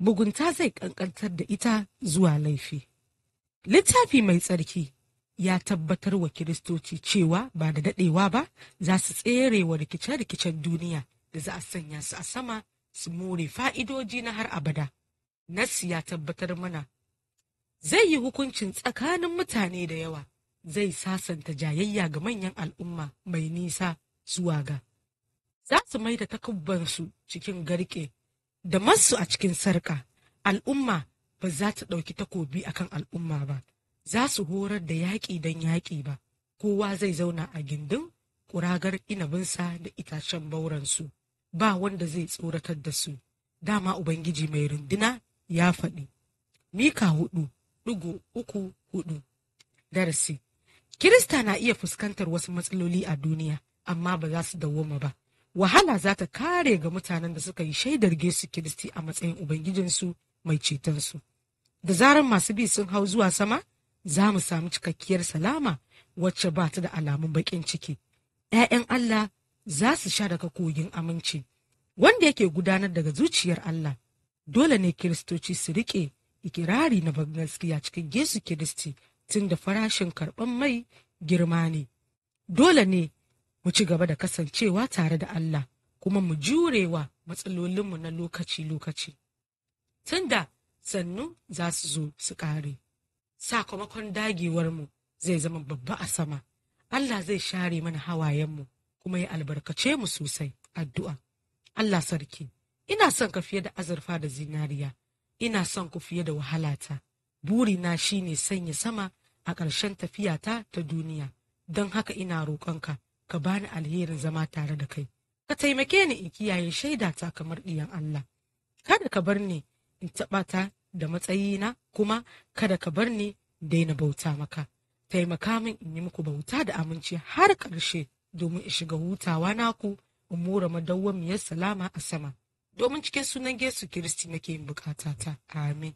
mugunta zai kankantar da ita zuwa laifi. Littafi mai tsarki ya tabbatar wa Kiristoci cewa ba da daɗewa ba za su tsere wa rikice-rikicen duniya da za a sanya su a sama su more fa'idoji na har abada. Nassi ya tabbatar mana zai yi hukuncin tsakanin mutane da yawa zai sasanta jayayya ga manyan al'umma mai nisa zuwa ga. Za su mai da takubbansu cikin garke da masu a cikin sarka al'umma ba za ta ɗauki takobi a kan al'umma ba za su horar da yaƙi don yaƙi ba kowa zai zauna a gindin ƙuragar inabinsa da itacen bauransu ba wanda zai tsoratar da su dama ubangiji mai runduna ya faɗi mika hudu ɗigo uku hudu darasi kirista na iya fuskantar wasu matsaloli a duniya amma ba za su dawoma ba wahala za ta kare ga mutanen da suka yi shaidar Yesu Kiristi a matsayin Ubangijinsu mai cetonsu. Da zarar masu bi sun hau zuwa sama, za mu samu cikakkiyar salama wacce ba ta da alamun baƙin ciki. ‘Ya'yan Allah za su sha daga kogin aminci, wanda yake gudanar daga zuciyar Allah. Dole ne Kiristoci su riƙe ikirari na gaskiya cikin Yesu Kiristi tun da farashin karɓan mai girma ne. Dole ne mu ci gaba da kasancewa tare da Allah kuma mu jurewa matsalolinmu na lokaci-lokaci. Tunda sannu za su zo su ƙare. Sakamakon dagewarmu zai zama babba a sama. Allah zai share mana hawayenmu kuma ya albarkace mu sosai addu'a. Allah sarki, ina son ka fiye da azurfa da zinariya, ina son ku fiye da wahalata. Burina shi ne sanya sama a ƙarshen tafiyata ta duniya, don haka ina roƙonka ka bani alherin zama tare da kai ka taimake ni in kiyaye shaida ta kamar ɗiyan Allah kada ka bar ni in taɓa ta da matsayina kuma kada ka bar ni daina bauta maka taimaka min in yi muku bauta da aminci har ƙarshe domin in shiga hutawa naku in mura madawwamiyar salama a sama domin cikin sunan Yesu Kiristi nake yin bukata ta amin